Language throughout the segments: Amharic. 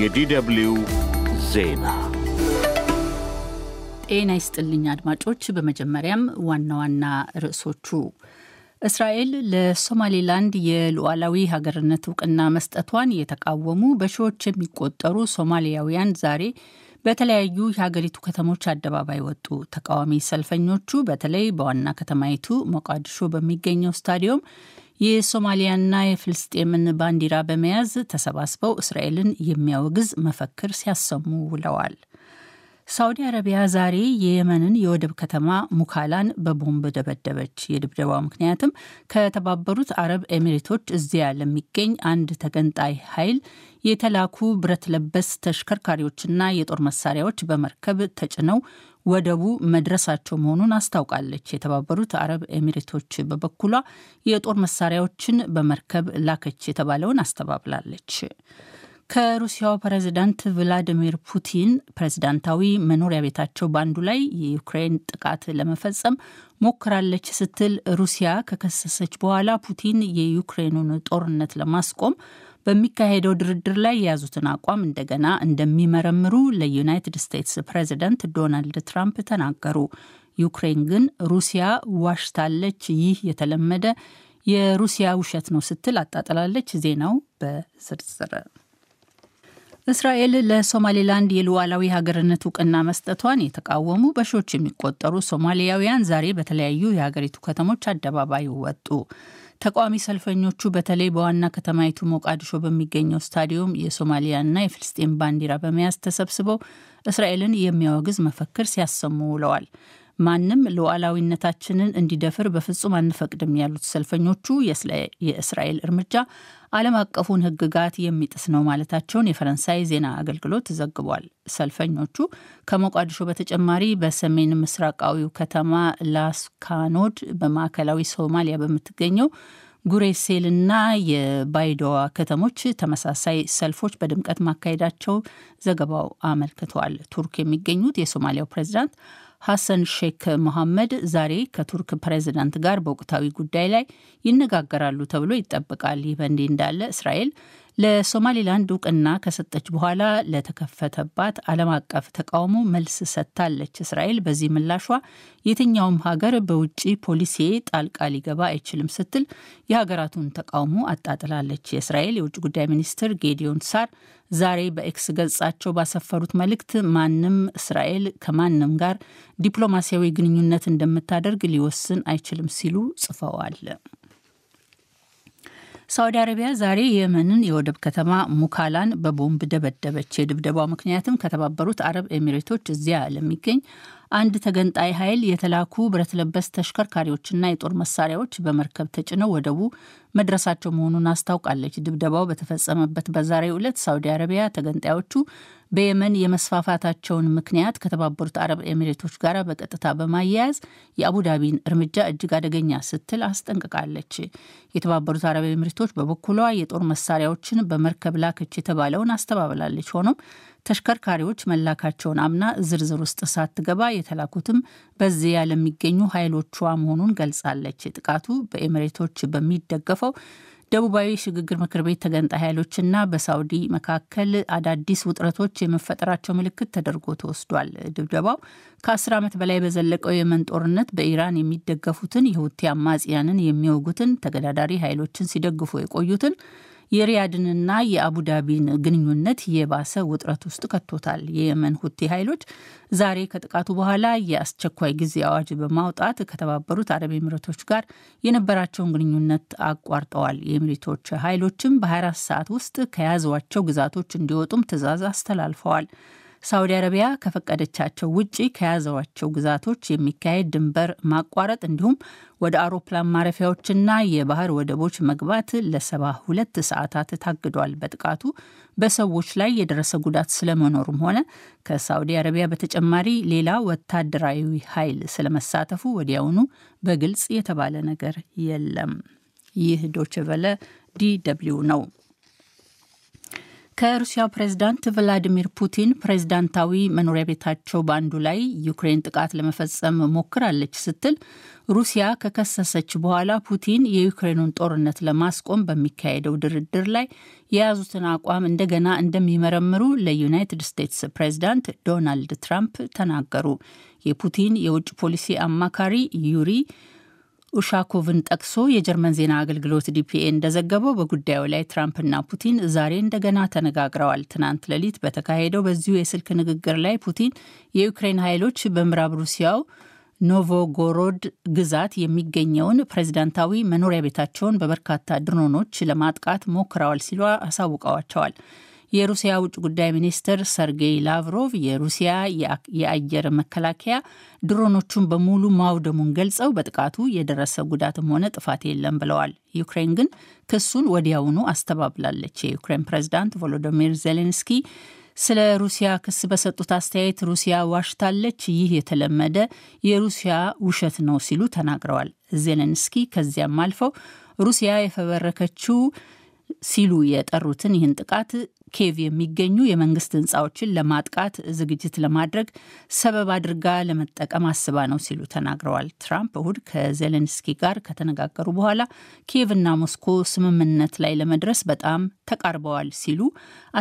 የዲደብልዩ ዜና ጤና ይስጥልኝ አድማጮች። በመጀመሪያም ዋና ዋና ርዕሶቹ እስራኤል ለሶማሌላንድ የሉዓላዊ ሀገርነት እውቅና መስጠቷን የተቃወሙ በሺዎች የሚቆጠሩ ሶማሊያውያን ዛሬ በተለያዩ የሀገሪቱ ከተሞች አደባባይ ወጡ። ተቃዋሚ ሰልፈኞቹ በተለይ በዋና ከተማይቱ ሞቃዲሾ በሚገኘው ስታዲየም የሶማሊያና የፍልስጤምን ባንዲራ በመያዝ ተሰባስበው እስራኤልን የሚያወግዝ መፈክር ሲያሰሙ ውለዋል። ሳውዲ አረቢያ ዛሬ የየመንን የወደብ ከተማ ሙካላን በቦምብ ደበደበች። የድብደባው ምክንያትም ከተባበሩት አረብ ኤሚሬቶች እዚያ ለሚገኝ አንድ ተገንጣይ ኃይል የተላኩ ብረት ለበስ ተሽከርካሪዎችና የጦር መሳሪያዎች በመርከብ ተጭነው ወደቡ መድረሳቸው መሆኑን አስታውቃለች። የተባበሩት አረብ ኤሚሬቶች በበኩሏ የጦር መሳሪያዎችን በመርከብ ላከች የተባለውን አስተባብላለች። ከሩሲያው ፕሬዝዳንት ቭላዲሚር ፑቲን ፕሬዝዳንታዊ መኖሪያ ቤታቸው በአንዱ ላይ የዩክሬን ጥቃት ለመፈጸም ሞክራለች ስትል ሩሲያ ከከሰሰች በኋላ ፑቲን የዩክሬኑን ጦርነት ለማስቆም በሚካሄደው ድርድር ላይ የያዙትን አቋም እንደገና እንደሚመረምሩ ለዩናይትድ ስቴትስ ፕሬዝዳንት ዶናልድ ትራምፕ ተናገሩ። ዩክሬን ግን ሩሲያ ዋሽታለች፣ ይህ የተለመደ የሩሲያ ውሸት ነው ስትል አጣጥላለች። ዜናው በዝርዝር እስራኤል ለሶማሌላንድ የሉዓላዊ ሀገርነት እውቅና መስጠቷን የተቃወሙ በሺዎች የሚቆጠሩ ሶማሊያውያን ዛሬ በተለያዩ የሀገሪቱ ከተሞች አደባባይ ወጡ። ተቃዋሚ ሰልፈኞቹ በተለይ በዋና ከተማይቱ ሞቃዲሾ በሚገኘው ስታዲየም የሶማሊያና የፍልስጤን ባንዲራ በመያዝ ተሰብስበው እስራኤልን የሚያወግዝ መፈክር ሲያሰሙ ውለዋል። ማንም ሉዓላዊነታችንን እንዲደፍር በፍጹም አንፈቅድም ያሉት ሰልፈኞቹ የእስራኤል እርምጃ ዓለም አቀፉን ሕግጋት የሚጥስ ነው ማለታቸውን የፈረንሳይ ዜና አገልግሎት ዘግቧል። ሰልፈኞቹ ከሞቃዲሾ በተጨማሪ በሰሜን ምስራቃዊው ከተማ ላስካኖድ፣ በማዕከላዊ ሶማሊያ በምትገኘው ጉሬሴልና የባይዶዋ ከተሞች ተመሳሳይ ሰልፎች በድምቀት ማካሄዳቸው ዘገባው አመልክቷል። ቱርክ የሚገኙት የሶማሊያው ፕሬዚዳንት ሐሰን ሼክ መሐመድ ዛሬ ከቱርክ ፕሬዝዳንት ጋር በወቅታዊ ጉዳይ ላይ ይነጋገራሉ ተብሎ ይጠበቃል። ይህ በእንዲህ እንዳለ እስራኤል ለሶማሊላንድ እውቅና ከሰጠች በኋላ ለተከፈተባት ዓለም አቀፍ ተቃውሞ መልስ ሰጥታለች። እስራኤል በዚህ ምላሿ የትኛውም ሀገር በውጭ ፖሊሲ ጣልቃ ሊገባ አይችልም ስትል የሀገራቱን ተቃውሞ አጣጥላለች። የእስራኤል የውጭ ጉዳይ ሚኒስትር ጌዲዮን ሳር ዛሬ በኤክስ ገጻቸው ባሰፈሩት መልእክት ማንም እስራኤል ከማንም ጋር ዲፕሎማሲያዊ ግንኙነት እንደምታደርግ ሊወስን አይችልም ሲሉ ጽፈዋል። ሳዑዲ አረቢያ ዛሬ የመንን የወደብ ከተማ ሙካላን በቦምብ ደበደበች። የድብደባው ምክንያትም ከተባበሩት አረብ ኤሚሬቶች እዚያ ለሚገኝ አንድ ተገንጣይ ኃይል የተላኩ ብረት ለበስ ተሽከርካሪዎችና የጦር መሳሪያዎች በመርከብ ተጭነው ወደቡ መድረሳቸው መሆኑን አስታውቃለች። ድብደባው በተፈጸመበት በዛሬው ዕለት ሳዑዲ አረቢያ ተገንጣዮቹ በየመን የመስፋፋታቸውን ምክንያት ከተባበሩት አረብ ኤሚሬቶች ጋር በቀጥታ በማያያዝ የአቡዳቢን እርምጃ እጅግ አደገኛ ስትል አስጠንቅቃለች። የተባበሩት አረብ ኤሚሬቶች በበኩሏ የጦር መሳሪያዎችን በመርከብ ላከች የተባለውን አስተባብላለች። ሆኖም ተሽከርካሪዎች መላካቸውን አምና ዝርዝር ውስጥ ሳትገባ የተላኩትም በዚያ ለሚገኙ ኃይሎቿ መሆኑን ገልጻለች። ጥቃቱ በኤሚሬቶች በሚደገፈው ደቡባዊ ሽግግር ምክር ቤት ተገንጣይ ኃይሎችና በሳውዲ መካከል አዳዲስ ውጥረቶች የመፈጠራቸው ምልክት ተደርጎ ተወስዷል። ድብደባው ከአስር ዓመት በላይ በዘለቀው የመን ጦርነት በኢራን የሚደገፉትን የሁቲ አማጽያንን የሚወጉትን ተገዳዳሪ ኃይሎችን ሲደግፉ የቆዩትን የሪያድንና የአቡዳቢን ግንኙነት የባሰ ውጥረት ውስጥ ከቶታል። የየመን ሁቲ ኃይሎች ዛሬ ከጥቃቱ በኋላ የአስቸኳይ ጊዜ አዋጅ በማውጣት ከተባበሩት አረብ ኤምሬቶች ጋር የነበራቸውን ግንኙነት አቋርጠዋል። የኤምሬቶች ኃይሎችም በ24 ሰዓት ውስጥ ከያዟቸው ግዛቶች እንዲወጡም ትዕዛዝ አስተላልፈዋል። ሳውዲ አረቢያ ከፈቀደቻቸው ውጪ ከያዘዋቸው ግዛቶች የሚካሄድ ድንበር ማቋረጥ እንዲሁም ወደ አውሮፕላን ማረፊያዎችና የባህር ወደቦች መግባት ለሰባ ሁለት ሰዓታት ታግዷል። በጥቃቱ በሰዎች ላይ የደረሰ ጉዳት ስለመኖሩም ሆነ ከሳውዲ አረቢያ በተጨማሪ ሌላ ወታደራዊ ኃይል ስለመሳተፉ ወዲያውኑ በግልጽ የተባለ ነገር የለም። ይህ ዶችቨለ ዲ ደብልዩ ነው። ከሩሲያው ፕሬዝዳንት ቭላዲሚር ፑቲን ፕሬዝዳንታዊ መኖሪያ ቤታቸው በአንዱ ላይ ዩክሬን ጥቃት ለመፈጸም ሞክራለች ስትል ሩሲያ ከከሰሰች በኋላ ፑቲን የዩክሬኑን ጦርነት ለማስቆም በሚካሄደው ድርድር ላይ የያዙትን አቋም እንደገና እንደሚመረምሩ ለዩናይትድ ስቴትስ ፕሬዝዳንት ዶናልድ ትራምፕ ተናገሩ። የፑቲን የውጭ ፖሊሲ አማካሪ ዩሪ ኡሻኮቭን ጠቅሶ የጀርመን ዜና አገልግሎት ዲፒኤ እንደዘገበው በጉዳዩ ላይ ትራምፕና ፑቲን ዛሬ እንደገና ተነጋግረዋል። ትናንት ሌሊት በተካሄደው በዚሁ የስልክ ንግግር ላይ ፑቲን የዩክሬን ኃይሎች በምዕራብ ሩሲያው ኖቮጎሮድ ግዛት የሚገኘውን ፕሬዚዳንታዊ መኖሪያ ቤታቸውን በበርካታ ድሮኖች ለማጥቃት ሞክረዋል ሲሉ አሳውቀዋቸዋል። የሩሲያ ውጭ ጉዳይ ሚኒስትር ሰርጌይ ላቭሮቭ የሩሲያ የአየር መከላከያ ድሮኖቹን በሙሉ ማውደሙን ገልጸው በጥቃቱ የደረሰ ጉዳትም ሆነ ጥፋት የለም ብለዋል። ዩክሬን ግን ክሱን ወዲያውኑ አስተባብላለች። የዩክሬን ፕሬዝዳንት ቮሎዶሚር ዜሌንስኪ ስለ ሩሲያ ክስ በሰጡት አስተያየት ሩሲያ ዋሽታለች፣ ይህ የተለመደ የሩሲያ ውሸት ነው ሲሉ ተናግረዋል። ዜሌንስኪ ከዚያም አልፈው ሩሲያ የፈበረከችው ሲሉ የጠሩትን ይህን ጥቃት ኬቭ የሚገኙ የመንግስት ህንፃዎችን ለማጥቃት ዝግጅት ለማድረግ ሰበብ አድርጋ ለመጠቀም አስባ ነው ሲሉ ተናግረዋል። ትራምፕ እሁድ ከዜሌንስኪ ጋር ከተነጋገሩ በኋላ ኪየቭና ሞስኮ ስምምነት ላይ ለመድረስ በጣም ተቃርበዋል ሲሉ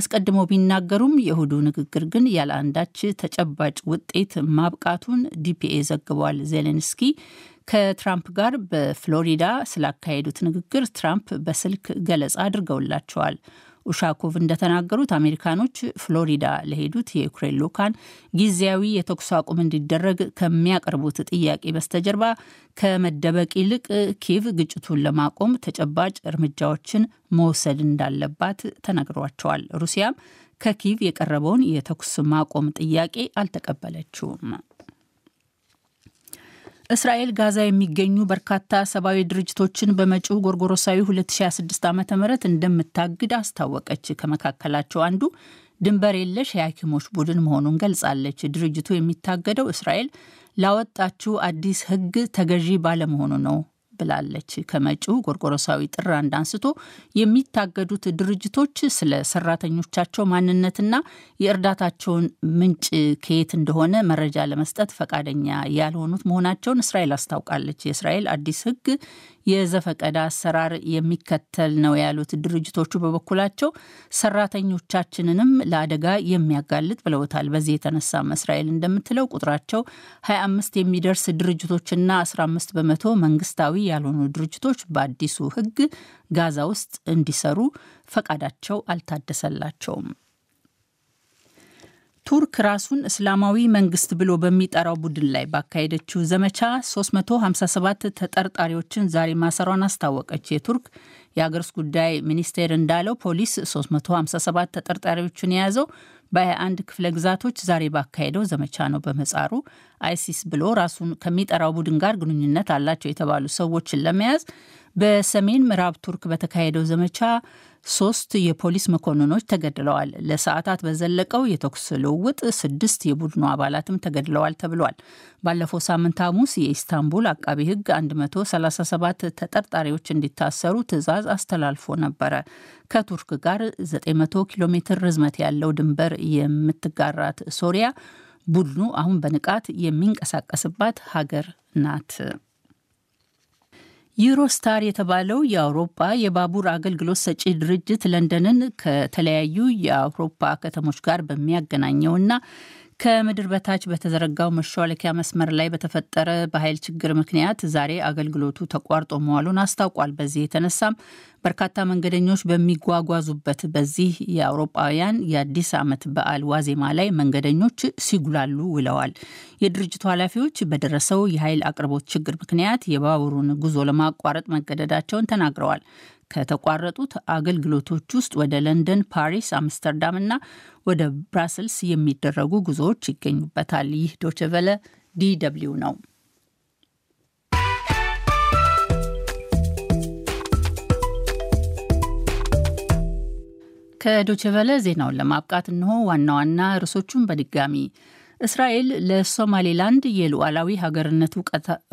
አስቀድሞ ቢናገሩም የእሁዱ ንግግር ግን ያለ አንዳች ተጨባጭ ውጤት ማብቃቱን ዲፒኤ ዘግቧል። ዜሌንስኪ ከትራምፕ ጋር በፍሎሪዳ ስላካሄዱት ንግግር ትራምፕ በስልክ ገለጻ አድርገውላቸዋል። ኡሻኮቭ እንደተናገሩት አሜሪካኖች ፍሎሪዳ ለሄዱት የዩክሬን ልኡካን ጊዜያዊ የተኩስ አቁም እንዲደረግ ከሚያቀርቡት ጥያቄ በስተጀርባ ከመደበቅ ይልቅ ኪቭ ግጭቱን ለማቆም ተጨባጭ እርምጃዎችን መውሰድ እንዳለባት ተነግሯቸዋል። ሩሲያም ከኪቭ የቀረበውን የተኩስ ማቆም ጥያቄ አልተቀበለችውም። እስራኤል ጋዛ የሚገኙ በርካታ ሰብአዊ ድርጅቶችን በመጪው ጎርጎሮሳዊ 2026 ዓ ም እንደምታግድ አስታወቀች። ከመካከላቸው አንዱ ድንበር የለሽ የሐኪሞች ቡድን መሆኑን ገልጻለች። ድርጅቱ የሚታገደው እስራኤል ላወጣችው አዲስ ሕግ ተገዢ ባለመሆኑ ነው ብላለች። ከመጪው ጎርጎሮሳዊ ጥር አንድ አንስቶ የሚታገዱት ድርጅቶች ስለ ሰራተኞቻቸው ማንነትና የእርዳታቸውን ምንጭ ከየት እንደሆነ መረጃ ለመስጠት ፈቃደኛ ያልሆኑት መሆናቸውን እስራኤል አስታውቃለች። የእስራኤል አዲስ ሕግ የዘፈቀደ አሰራር የሚከተል ነው ያሉት ድርጅቶቹ በበኩላቸው ሰራተኞቻችንንም ለአደጋ የሚያጋልጥ ብለውታል። በዚህ የተነሳም እስራኤል እንደምትለው ቁጥራቸው 25 የሚደርስ ድርጅቶችና 15 በመቶ መንግስታዊ ያልሆኑ ድርጅቶች በአዲሱ ሕግ ጋዛ ውስጥ እንዲሰሩ ፈቃዳቸው አልታደሰላቸውም። ቱርክ ራሱን እስላማዊ መንግስት ብሎ በሚጠራው ቡድን ላይ ባካሄደችው ዘመቻ 357 ተጠርጣሪዎችን ዛሬ ማሰሯን አስታወቀች። የቱርክ የአገር ውስጥ ጉዳይ ሚኒስቴር እንዳለው ፖሊስ 357 ተጠርጣሪዎችን የያዘው በ21 ክፍለ ግዛቶች ዛሬ ባካሄደው ዘመቻ ነው። በመጻሩ አይሲስ ብሎ ራሱን ከሚጠራው ቡድን ጋር ግንኙነት አላቸው የተባሉ ሰዎችን ለመያዝ በሰሜን ምዕራብ ቱርክ በተካሄደው ዘመቻ ሶስት የፖሊስ መኮንኖች ተገድለዋል። ለሰዓታት በዘለቀው የተኩስ ልውውጥ ስድስት የቡድኑ አባላትም ተገድለዋል ተብሏል። ባለፈው ሳምንት ሐሙስ የኢስታንቡል አቃቢ ሕግ 137 ተጠርጣሪዎች እንዲታሰሩ ትዕዛዝ አስተላልፎ ነበረ። ከቱርክ ጋር 900 ኪሎ ሜትር ርዝመት ያለው ድንበር የምትጋራት ሶሪያ ቡድኑ አሁን በንቃት የሚንቀሳቀስባት ሀገር ናት። ዩሮስታር የተባለው የአውሮፓ የባቡር አገልግሎት ሰጪ ድርጅት ለንደንን ከተለያዩ የአውሮፓ ከተሞች ጋር በሚያገናኘውና ከምድር በታች በተዘረጋው መሿለኪያ መስመር ላይ በተፈጠረ በኃይል ችግር ምክንያት ዛሬ አገልግሎቱ ተቋርጦ መዋሉን አስታውቋል። በዚህ የተነሳም በርካታ መንገደኞች በሚጓጓዙበት በዚህ የአውሮፓውያን የአዲስ ዓመት በዓል ዋዜማ ላይ መንገደኞች ሲጉላሉ ውለዋል። የድርጅቱ ኃላፊዎች በደረሰው የኃይል አቅርቦት ችግር ምክንያት የባቡሩን ጉዞ ለማቋረጥ መገደዳቸውን ተናግረዋል። ከተቋረጡት አገልግሎቶች ውስጥ ወደ ለንደን፣ ፓሪስ፣ አምስተርዳም እና ወደ ብራስልስ የሚደረጉ ጉዞዎች ይገኙበታል። ይህ ዶችቨለ ዲደብልዩ ነው። ከዶችቨለ ዜናውን ለማብቃት እንሆ ዋና ዋና ርዕሶቹን በድጋሚ እስራኤል ለሶማሌላንድ የሉዓላዊ ሀገርነት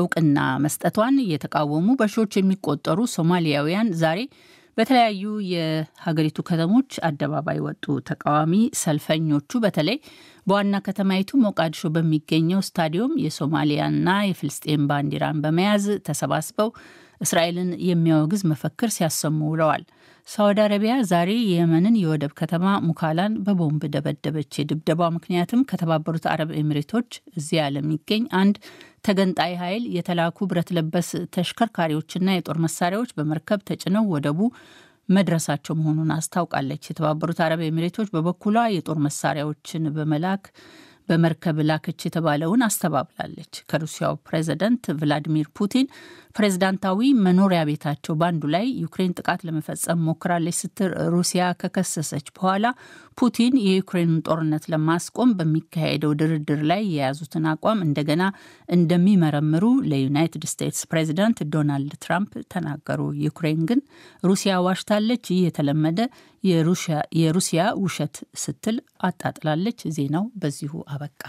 እውቅና መስጠቷን እየተቃወሙ በሺዎች የሚቆጠሩ ሶማሊያውያን ዛሬ በተለያዩ የሀገሪቱ ከተሞች አደባባይ ወጡ። ተቃዋሚ ሰልፈኞቹ በተለይ በዋና ከተማይቱ ሞቃዲሾ በሚገኘው ስታዲየም የሶማሊያና የፍልስጤን ባንዲራን በመያዝ ተሰባስበው እስራኤልን የሚያወግዝ መፈክር ሲያሰሙ ውለዋል። ሳውዲ አረቢያ ዛሬ የየመንን የወደብ ከተማ ሙካላን በቦምብ ደበደበች። የድብደባው ምክንያትም ከተባበሩት አረብ ኤሚሬቶች እዚያ ለሚገኝ አንድ ተገንጣይ ኃይል የተላኩ ብረት ለበስ ተሽከርካሪዎችና የጦር መሳሪያዎች በመርከብ ተጭነው ወደቡ መድረሳቸው መሆኑን አስታውቃለች። የተባበሩት አረብ ኤሚሬቶች በበኩሏ የጦር መሳሪያዎችን በመላክ በመርከብ ላከች የተባለውን አስተባብላለች። ከሩሲያው ፕሬዚደንት ቭላዲሚር ፑቲን ፕሬዝዳንታዊ መኖሪያ ቤታቸው በአንዱ ላይ ዩክሬን ጥቃት ለመፈጸም ሞክራለች ስትል ሩሲያ ከከሰሰች በኋላ ፑቲን የዩክሬንን ጦርነት ለማስቆም በሚካሄደው ድርድር ላይ የያዙትን አቋም እንደገና እንደሚመረምሩ ለዩናይትድ ስቴትስ ፕሬዝዳንት ዶናልድ ትራምፕ ተናገሩ። ዩክሬን ግን ሩሲያ ዋሽታለች፣ ይህ የተለመደ የሩሲያ ውሸት ስትል አጣጥላለች። ዜናው በዚሁ አበቃ።